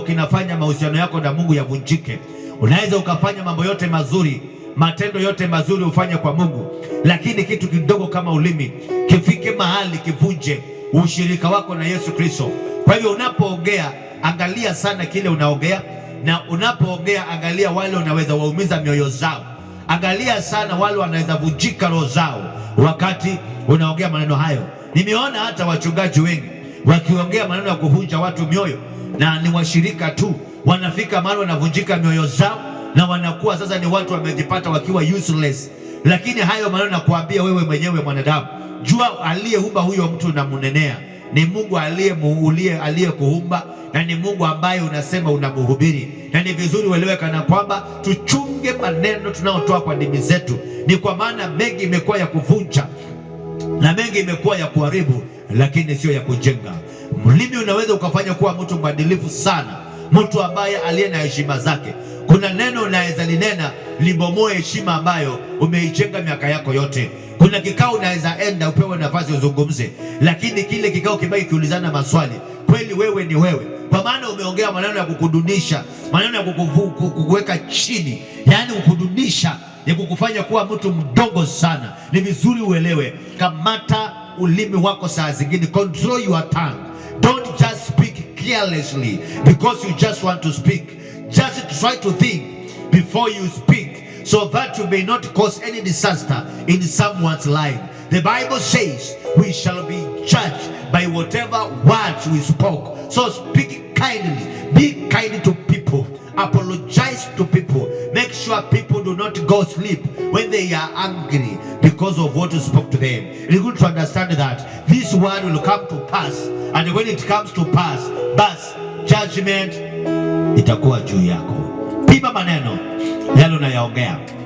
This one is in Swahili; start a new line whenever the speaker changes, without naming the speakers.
kidogo kinafanya mahusiano yako na Mungu yavunjike. Unaweza ukafanya mambo yote mazuri, matendo yote mazuri ufanye kwa Mungu, lakini kitu kidogo kama ulimi kifike mahali kivunje ushirika wako na Yesu Kristo. Kwa hivyo unapoongea, angalia sana kile unaongea, na unapoongea, angalia wale unaweza waumiza mioyo zao, angalia sana wale wanaweza vunjika roho zao wakati unaongea maneno hayo. Nimeona hata wachungaji wengi wakiongea maneno ya kuvunja watu mioyo na ni washirika tu, wanafika mahali wanavunjika mioyo zao na wanakuwa sasa ni watu wamejipata wakiwa useless. Lakini hayo maneno nakuambia wewe mwenyewe mwanadamu, jua aliyeumba huyo mtu unamnenea ni Mungu aliyemuulie aliyekuumba, na ni Mungu ambaye unasema unamhubiri Na ni vizuri uelewe kana kwamba tuchunge maneno tunayotoa kwa ndimi zetu, ni kwa maana mengi imekuwa ya kuvunja na mengi imekuwa ya kuharibu, lakini sio ya kujenga. Ulimi unaweza ukafanya kuwa mtu mwadilifu sana, mtu ambaye aliye na heshima zake. Kuna neno unaweza linena libomoe heshima ambayo umeijenga miaka yako yote. Kuna kikao unaweza enda upewe nafasi uzungumze, lakini kile kikao kibaki kiulizana maswali, kweli wewe ni wewe? Kwa maana umeongea maneno ya kukudunisha, maneno ya kukuweka chini, yaani kukudunisha, ya kukufanya kuwa mtu mdogo sana. Ni vizuri uelewe, kamata ulimi wako saa zingine, control your tongue. Don't just speak carelessly because you just want to speak. Just try to think before you speak so that you may not cause any disaster in someone's life. The Bible says we shall be judged by whatever words we spoke. So speak kindly, be kind to people, apologize to people, make sure people do not go sleep when they are angry because of what you spoke to them. It is good to understand that this word will come to pass, and when it comes to pass, pass judgment itakuwa juu yako. Pima maneno yalo nayaongea.